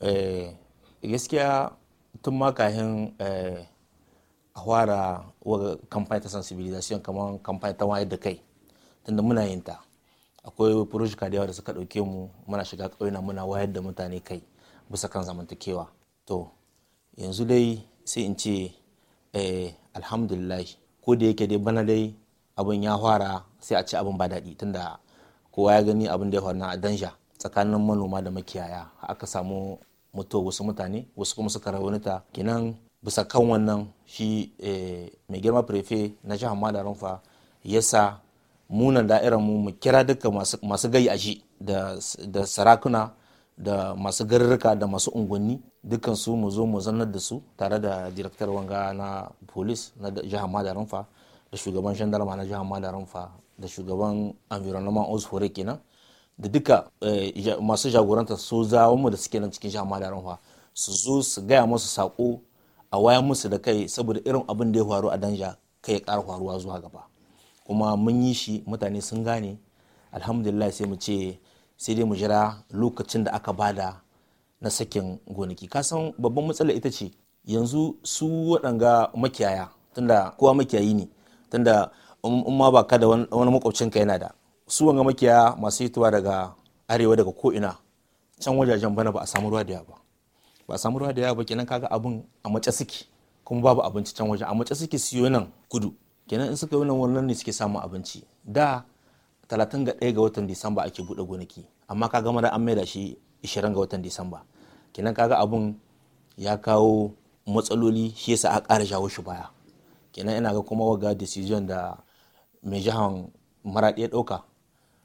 eh, gaskiya tun ma kahin eh, a fara kamfani ta sensibilisation kamar kamfani ta wayar da kai tunda muna yin ta. akwai projika da yawa da suka ɗauke mu muna shiga ƙauyena muna wayar da mutane kai bisa kan zamantakewa to yanzu dai sai in ce eh, alhamdulillah ko da yake dai bana dai abin ya fara sai a ci abin ba daɗi tunda kowa ya gani abin da ya faru a danja tsakanin manoma da makiyaya aka samu mutu wasu mutane wasu kuma suka ta. kenan bisa kan wannan shi eh, mai girma prefe na jihar madarin ya sa munan da'irar mu mu kira duka masu gai a shi da sarakuna da masu garurruka da masu unguwanni dukkan su mu zo mu zannar da su tare da direktar wanga na polis na jihar madarin fa da shugaban shandarma na jihar madarin fa da shugaban environment osfore kenan da duka eh, masu jagoranta su mu da suke nan cikin jihar madarin fa su zo su gaya musu sako a wayan musu da kai saboda irin abin da ya faru a danja kai ya ƙara faruwa zuwa gaba kuma mun yi shi mutane sun gane alhamdulillah sai mu ce sai dai mu jira lokacin da aka bada na sakin gonaki kasan babban matsala ita ce yanzu su waɗanga makiyaya tunda kowa makiyayi ne tunda in ma ba ka da wani makwabcinka yana da su wanga makiyaya masu hitowa daga arewa daga ko'ina can wajajen bana ba a samu ruwa da yawa ba ba a samu ruwa da yawa ba kenan kaga abin a mace suke kuma babu abinci can wajen a mace suke siyo nan kudu kenan in suka yi wannan wannan ne suke samun abinci da 31 ga watan disamba ake buɗe gonaki amma ka gama da an maida shi 20 ga watan disamba kenan kaga abun ya kawo matsaloli shi yasa a ƙara jawo shi baya kenan ina ga kuma waga decision da mai jihan maraɗi ya ɗauka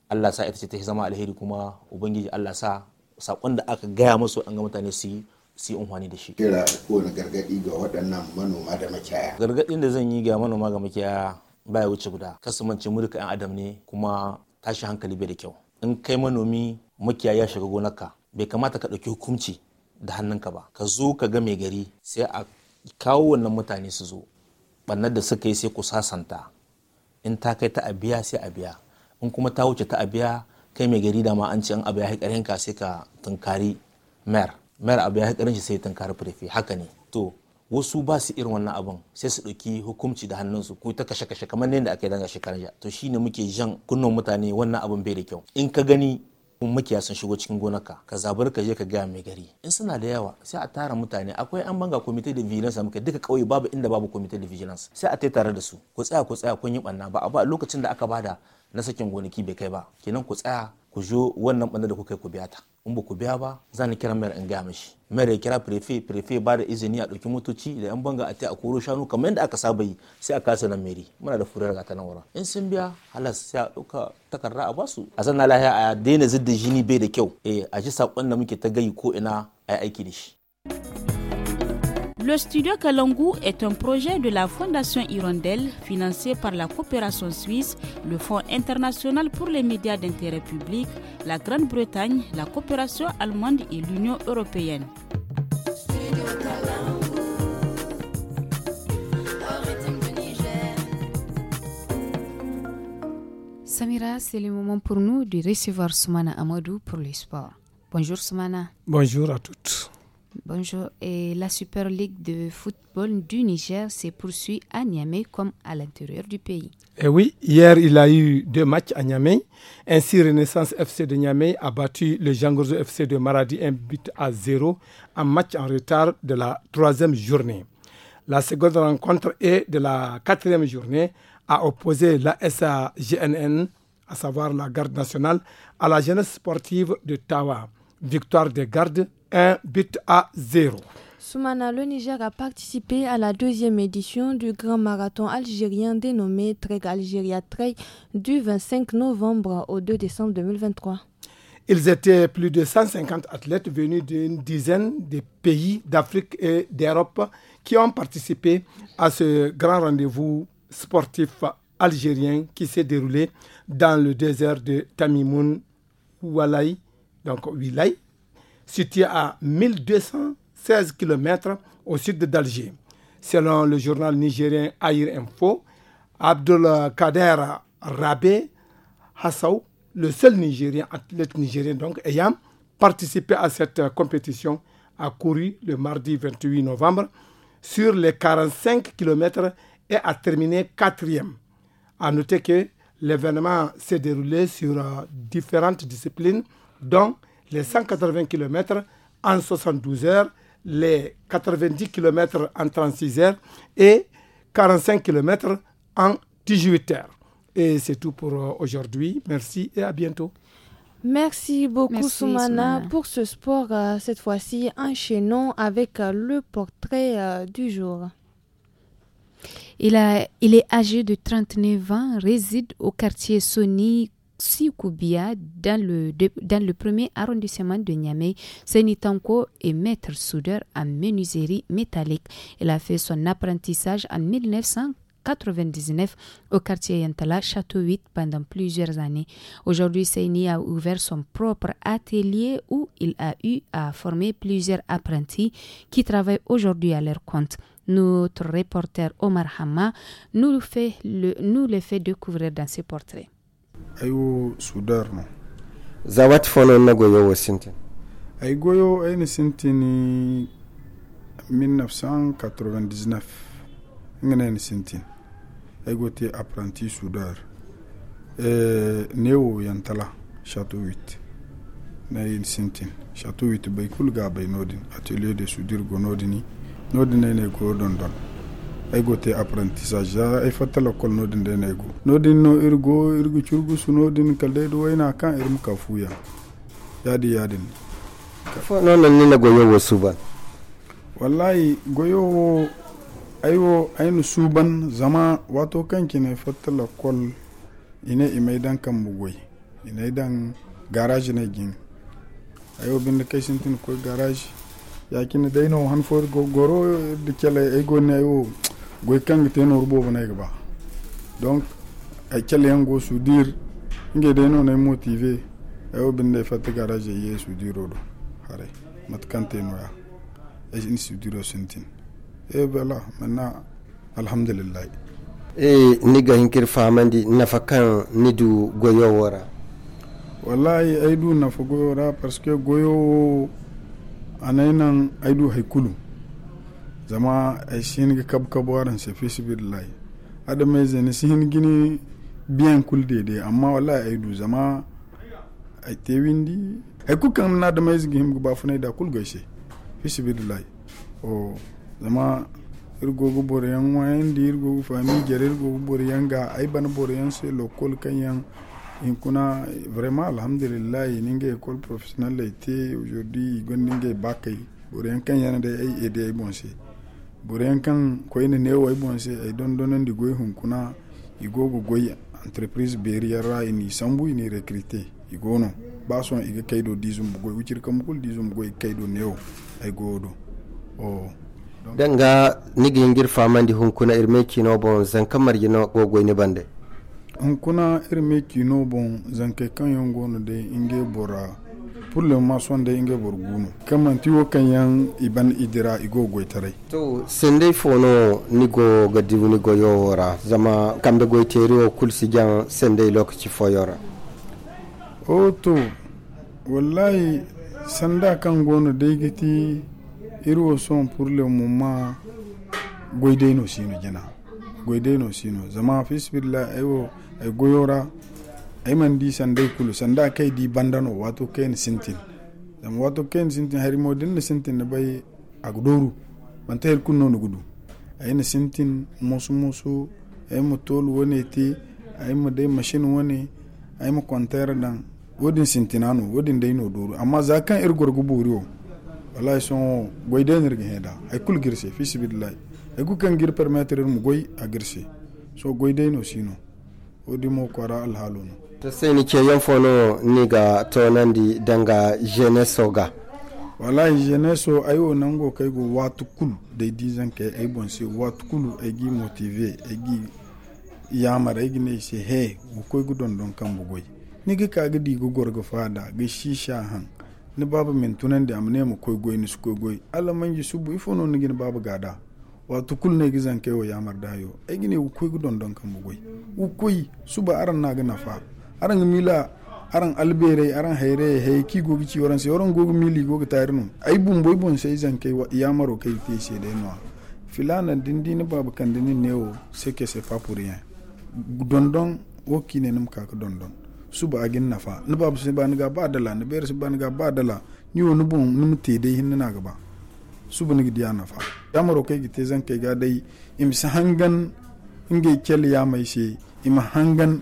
allah sa ita ce ta zama alheri kuma ubangiji allah sa saƙon da aka gaya musu an ga mutane su yi su yi da shi. Kira kowane gargaɗi ga waɗannan manoma da makiyaya. Gargaɗin da zan yi ga manoma ga makiyaya baya wuce guda. Kasumanci murka 'yan adam ne kuma tashi hankali bai da kyau. In kai manomi makiyaya ya shiga gonarka bai kamata ka ɗauki hukunci da hannunka ba. Ka zo ka ga mai gari sai a kawo wannan mutane su zo. Ɓannar da suka yi sai ku sasanta. In ta kai ta a biya sai a biya. In kuma ta wuce ta a biya kai mai gari da ma an ce an abu ya haƙarin ka sai ka tunkari mayar. mayar abu ya karanci sai tunkari prefe haka ne to wasu ba su irin wannan abun? sai su ɗauki hukunci da hannunsu ko ta kashe kashe kamar yadda aka yi danga shekaran ya? to shine muke jan kunnan mutane wannan abun bai da kyau in ka gani kun makiya sun shigo cikin gonarka ka zabar ka je ka gaya mai gari in suna da yawa sai a tara mutane akwai an banga committee da vigilance muke duka kauye babu inda babu committee da vigilance sai a tare da su ku tsaya ku tsaya kun yi banna ba a lokacin da aka bada na sakin gonaki bai kai ba kenan ku tsaya ku zo wannan ɓanna da kuka ku biya ta in ba ku biya ba za ni kira mayar in gaya mishi mayar ya kira prefe prefe ba da izini a ɗauki motoci da yan banga a ta a koro shanu kamar yadda aka saba yi sai a kasa nan meri muna da furar gata nan wurin in sun biya halas sai a ɗauka takarda a basu a zanna lahiya a daina zidda jini bai da kyau eh a ji saƙon da muke ta gayi ko ina a yi aiki da shi Le studio Kalangu est un projet de la Fondation Hirondelle financé par la coopération suisse, le Fonds international pour les médias d'intérêt public, la Grande-Bretagne, la coopération allemande et l'Union européenne. Samira, c'est le moment pour nous de recevoir Soumana Amadou pour le sport. Bonjour Soumana. Bonjour à toutes. Bonjour. Et la Super League de football du Niger se poursuit à Niamey comme à l'intérieur du pays. Eh oui, hier, il a eu deux matchs à Niamey. Ainsi, Renaissance FC de Niamey a battu le Jangozo FC de Maradi un but à zéro, un match en retard de la troisième journée. La seconde rencontre est de la quatrième journée a opposé la SAGNN, à savoir la garde nationale, à la jeunesse sportive de Tawa. Victoire des gardes un but à zéro. Soumana, le Niger a participé à la deuxième édition du grand marathon algérien dénommé Trek Algeria Trek du 25 novembre au 2 décembre 2023. Ils étaient plus de 150 athlètes venus d'une dizaine de pays d'Afrique et d'Europe qui ont participé à ce grand rendez-vous sportif algérien qui s'est déroulé dans le désert de Tamimoun Walay, donc Wilay, situé à 1216 km au sud d'Alger. Selon le journal nigérien Air Info, Abdul Kader Rabé Hassou, le seul Nigérien, athlète nigérien donc, ayant participé à cette compétition, a couru le mardi 28 novembre sur les 45 km et a terminé quatrième. À noter que l'événement s'est déroulé sur euh, différentes disciplines, dont les 180 km en 72 heures, les 90 km en 36 heures et 45 km en 18 heures. Et c'est tout pour euh, aujourd'hui. Merci et à bientôt. Merci beaucoup Soumana, pour ce sport. Euh, cette fois-ci, enchaînons avec euh, le portrait du jour. Il, a, il est âgé de 39 ans, réside au quartier Sony Sikoubia dans le, dans le premier arrondissement de Niamey. Tanko est maître soudeur en menuiserie métallique. Il a fait son apprentissage en 1999 au quartier Yantala, Château 8, pendant plusieurs années. Aujourd'hui, Seini a ouvert son propre atelier où il a eu à former plusieurs apprentis qui travaillent aujourd'hui à leur compte. Notre reporter Omar Hama nous le fait, nous le fait découvrir dans ses portraits. sudar no za wat fono na goyo wo sintin ay goyo ayni ni 1999 ngene ni sintin ay goti apprenti sudar eh newo yantala chateau 8 na yin sintin chateau 8 bay kulga bay nodin atelier de sudir go nodini nodin ne ne go don don aygo te apprentissage ya ay fatta lokol nodin de na aigo nodin no irgo irgo curgu su nodin kalde do wayna kan irum ka fuya yadi yadin fo non nan ni na goyo suban wallahi goyo aywo ayno suban zama wato kanki ne fatta lokol ine imai dan kan mugoi ine dan garage ne gin aywo bin da kai sintin ko garage yakini dayno han fo goro de kele aygo ne aiwo goy kang te no rubo ga ba donc ay go su dir nge de no ay motivé ay o binde fat garage ye diro do hare mat kante no ya ay su diro sentin e eh, bala manna alhamdulillah e ga hinkir famandi nafa kan du goyo wora wallahi ay du nafa goyo wora parce que goyo anay nan ay du kulum zama a sin ga kab kab waran sa fi sabilillah adam mai zani hin gini biyan kul daidai amma wala a du zama ai te windi a ku kukan na da mai zigi ba fune da kul gaishe fi bi o zama irgo go bor yan wayan di irgo fami gyar irgo yan ga ai ban bor yan se lokol kan yan in kuna vraiment alhamdulillah ninge école professionnelle été aujourd'hui gon ga bakai bor yan kan yan da ai ede ai bonse buren kan kwai ne newa bon se ay don donon di goy hun kuna go goi entreprise beriya ra ni sambu ni recruter igono ba son iga do dizum goy wucir kam kul dizum goy do. neo ay godo o danga nigi ngir famandi hun kuna irme kino bon zan kamar yino gogoy ni bande hun kuna irme kino bon zan kai kan yongo no de inge bora pulle ma sonde inge borguno kaman tiwo kanyan iban idira igo goitare to sende fono nigo gadiwu go yora zama kambe goitere o kulsi jan sende lokaci foyora o to wallahi sanda kan gono giti irwo son pulle mu ma goideno sino jina goideno sino zama fisbilla aiwo ai e goyora aiman di sandai kulu sanda kai di bandano wato kai ni sintin dan wato kai ni sintin hari mo din ni sintin ne bai a gudoru man ta hirkun no gudu ay ni sintin musu musu ay mu tol wani ti ay mu dai mashin wani ay mu kwantayar dan wodin sintinano wodin dai no doru amma za kan ir gorgubu riwo wallahi son goy denir gi heda ay kul girse fi sibillah ay ku kan gir permettre mu goy a girse so goy dai no sino wodi mo kwara no sai ni ke ni ga to di danga jeunesse ga wallahi jeunesse ay nan go kai go watu kulu de di zan kay ay bon si watu kulu ay gi motiver ay gi yamar ay gi ne se he go koy go don don kan goy ni gi ka gi go go fada gi shisha han ni babu min tunan da amne mu koy go ni su koy go alla man ji bu ifono ni gi babu gada watu kul ne gi zan kay o yamar dayo ay gi ne o koy go don don kambo u o su suba aran na ga nafa aran mila aran albere aran haire hay ki gogi ci waran se waran gogi mili gogi tarinu ay bum boy bon sai zan kai ya maro kai te se de no filana dindini babu kandini neo se ke se pa pour rien dondon wo kine num ka ko dondon suba agin nafa ni babu se ban ga ba dala ni ber se ban ga ba dala ni won nu bum num te de hin na ga ba suba ni diya nafa Ya kai ki te zan kai ga dai im hangan inge kel ya mai se im hangan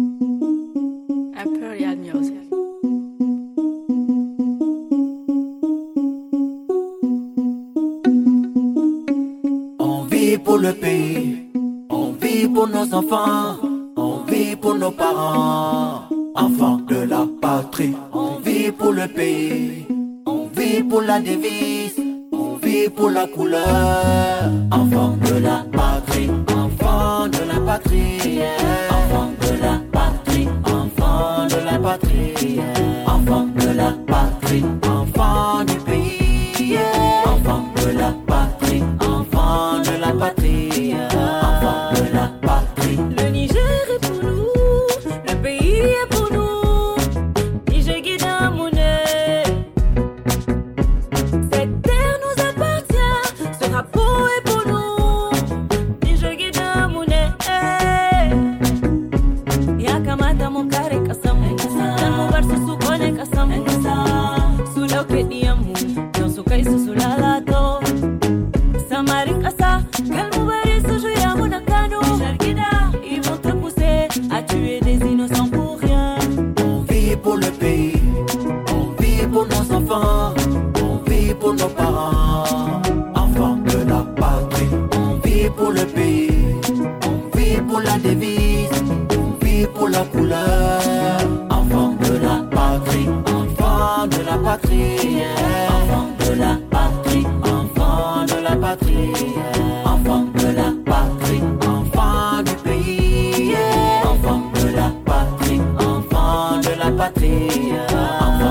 On vit pour le pays, on vit pour nos enfants, on vit pour nos parents, enfants de la patrie. On vit pour le pays, on vit pour la devise, on vit pour la couleur, enfants de la patrie, enfants de la patrie, enfants de la patrie. I'm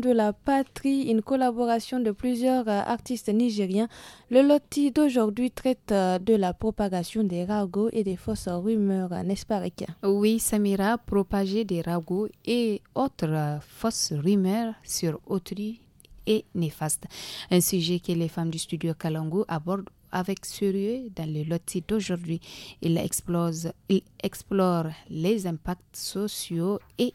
de la patrie, une collaboration de plusieurs euh, artistes nigériens, le loti d'aujourd'hui traite euh, de la propagation des ragots et des fausses rumeurs, euh, n'est-ce pas Rika Oui, Samira, propager des ragots et autres fausses rumeurs sur autrui est néfaste. Un sujet que les femmes du studio Kalango abordent avec sérieux dans le loti d'aujourd'hui. Il, il explore les impacts sociaux et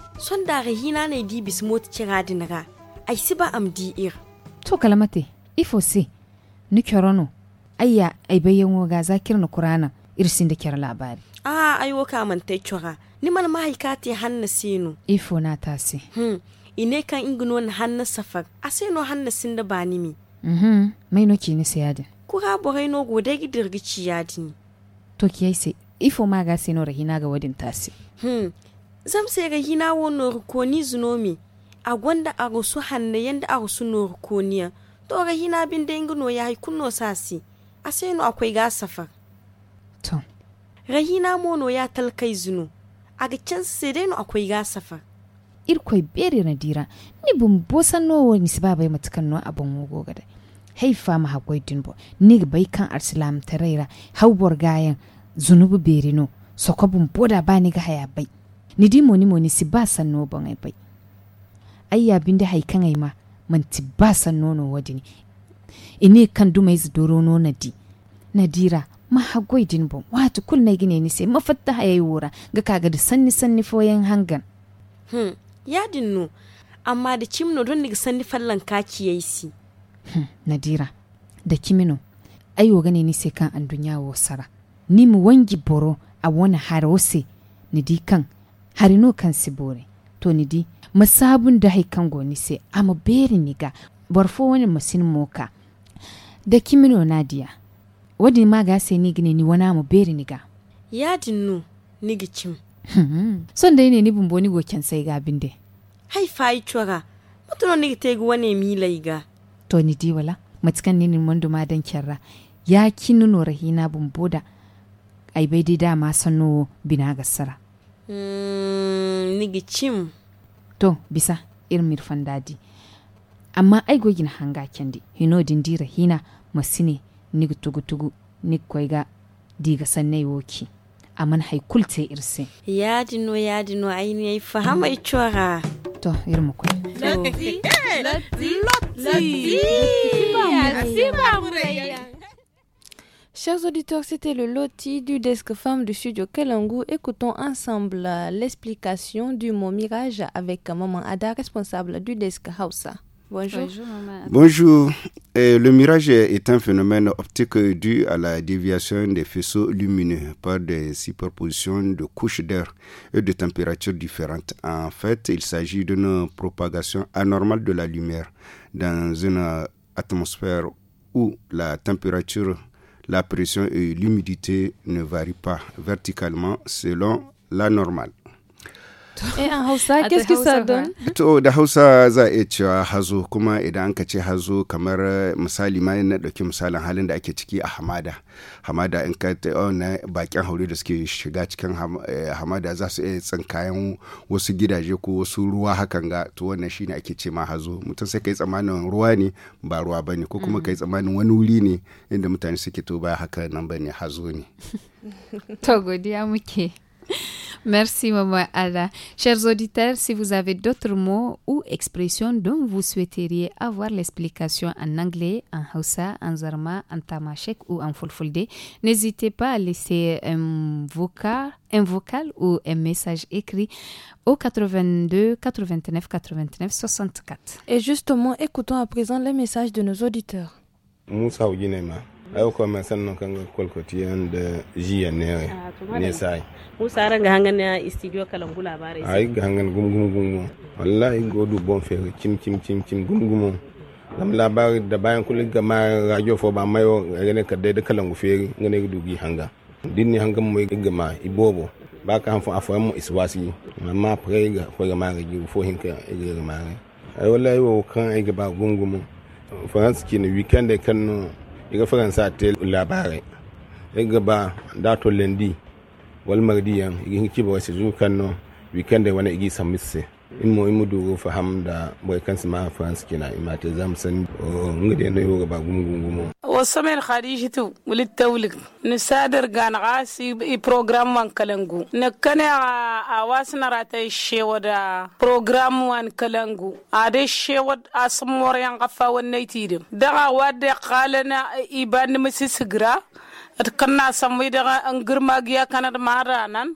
son da hina ne di bismot kira dinaga ai si ba am di ir to kalamate ifo si ni kyorono ayya ai bayyan woga zakir na kurana irsin da kyar labari a ai woka man tai kyora ni mal mahaika te hanna sinu ifo na ta si hmm ine kan ingino na hanna safar a no hanna sin da bani mi mhm mai no kini ku kura bore no gode gidirgici yadini to kiyai se ifo ma ga sino rahina ga wadin tasi hmm zam sega hina wo nor zunomi a gwanda a rusu hanne yadda a rusu nor to ga hina bin da ingino ya yi kunno sasi a sai no akwai ga safar to rahina mono ya talkai zuno a ga can sai dai no akwai ga safar irkoi beri na dira ni bun bosan nowo ni ba bai matukan no abun wogo gada haifa ma hakoi dinbo ni bai kan arsilam taraira haubor gayan zunubu no sokobun boda ba ni ga haya bai Ni di moni moni si ba san no bon ai bai ai binde hai haikan ai ma man ti ba san wadi ni ini kan du mai no nadira ma hagoi din bon wato kul na gine ni sai fatta hayi wura ga kaga da sanni sanni foyen hangan hmm ya no amma da kimno don ga sanni fallan kaki yayi si hmm. nadira da kimino ai wo gane ni sai kan an dunya wo sara ni mu wangi boro a wani harose ni di kan Hari kan sibore to ni di masabun da haikan goni sai amma beri ni ga. barfo wani masin moka da kimino nadia wadi ma ga sai ni gine ni wana amma beri ni ga. ya jinnu ni gicin hmm, son dai ne ni bumbo ni goken sai ga binde hai fai chwaga mutuno ni te gu wani mi ga to ni di wala matikan ni ni mondo ma dan kyarra ya kinu no rahina bumbo da ai bai dai dama sanno bina gasara nigi cim to bisa irmir fandadi amma ai hanga kendi hino dindira hina masine nigi tugu tugu nigi diga sanne woki aman hay kulte irse yadino yadino to irmu Chers auditeurs, c'était le loti du desk femme du studio Kelangu. Écoutons ensemble l'explication du mot mirage avec Maman Ada, responsable du desk Hausa. Bonjour. Bonjour. Bonjour. Euh, le mirage est un phénomène optique dû à la déviation des faisceaux lumineux par des superpositions de couches d'air et de températures différentes. En fait, il s'agit d'une propagation anormale de la lumière dans une atmosphère où la température la pression et l'humidité ne varient pas verticalement selon la normale. Eh, hausa kiski sadon to da hausa za a iya cewa hazo kuma idan an ka ce hazo kamar eh, misali ma na ɗauki misalin halin da ake ciki a hamada hamada in ka oh, na bakin haure da suke shiga cikin eh, hamada za su iya tsinkayen wasu gidaje ko wasu ruwa hakan ga to wannan shi ne ake ce ma hazo mutum sai kai tsammanin ruwa ne ba ruwa ba ne ko kuma ka yi mm. tsammanin wani wuri ne inda mutane suke to ba haka nan ba ne hazo ne to godiya muke Merci, Maman Ada. Chers auditeurs, si vous avez d'autres mots ou expressions dont vous souhaiteriez avoir l'explication en anglais, en Hausa, en Zarma, en Tamashek ou en Fulfulde, n'hésitez pas à laisser un vocal, un vocal ou un message écrit au 82 89 89 64. Et justement, écoutons à présent les messages de nos auditeurs. Moussa aw ko san sanno kanga kolkoti da jiya ne ne sai ah, musa ranga hangan na studio kalangu labarai ai ga hangan gum gum gum wallahi godu bon fere cim cim cim cim gum gum lam labari da bayan kulli ga ma radio fo ba mayo ngene ka dai da kalangu fe ngene gi hanga dinni hanga mo ga ma ibobo ba ka hanfo afo mu iswasi amma ga ko ga ma ga gi fo hinka ga ma ai wallahi wo kan ai ga ba gum gum hanski ne weekend kan no reference a te labarai ga ba da dato lendi wal mardiyan igin kibo wasu zukan no weekend wani igi samise mu immo dogo faham da boy kan sama france kina imate zam san ngade no yoga ba gum gum gum wa samer tu wulit tawlik ni sadar gan gasi i program wan kalangu ne kane a wasna rata shewa da program wan kalangu a de shewa a samor yan gafa wannan tidim daga wadda qalana iban misisigra at kanna samwi daga an girma giya kanar maranan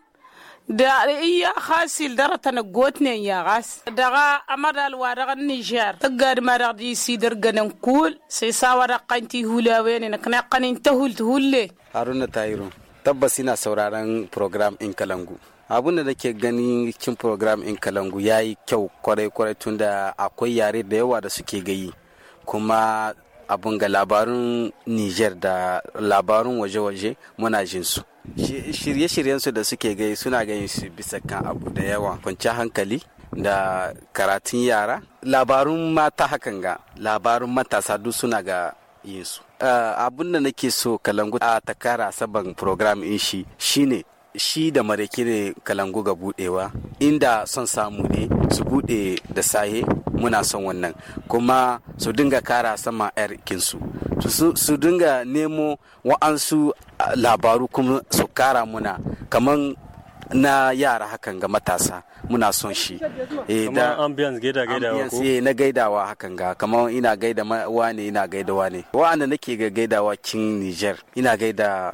da iya hasil dara tana gotnen ya gas daga amadal wa daga niger tagad madar di dar ganan kul sai sawara kanti hulawe ne na kana kanin hul hulle haruna tayiro tabbas ina sauraron program in kalangu abin da nake gani kin program in kalangu yayi kyau kwarai kwarai tunda akwai yare da yawa da suke gayi kuma abin ga labarin niger da labarun waje-waje muna jinsu shirye shiryen su da suke gai suna ganin su bisa kan abu da yawa kwanci hankali da karatun yara labarun mata hakan ga labarun matasa duk suna ga yinsu eh, abun da nake so kalangu a takara saban program in shi shine shi da mareke ne kalangu ga budewa inda son samu ne su bude da saye muna son wannan kuma su dinga kara sama kinsu su dinga nemo wa'ansu ah, labaru kuma su kara muna kamar na yara hakan ga matasa muna son shi eh da ambiance gaida gaidawa ko eh na gaidawa hakan ga kamar ina gaida ne ina gaida ne wa'anda nake ga gaidawa kin Niger ina gaida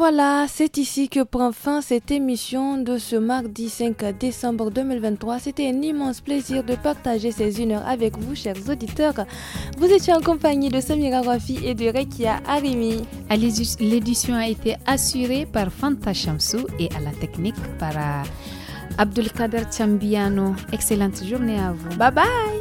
voilà, c'est ici que prend fin cette émission de ce mardi 5 décembre 2023. C'était un immense plaisir de partager ces une heure avec vous, chers auditeurs. Vous étiez en compagnie de Samira Rafi et de Rekia Arimi. L'édition a été assurée par Fanta Shamsou et à la technique par euh, Abdulkader Chambiano. Excellente journée à vous. Bye bye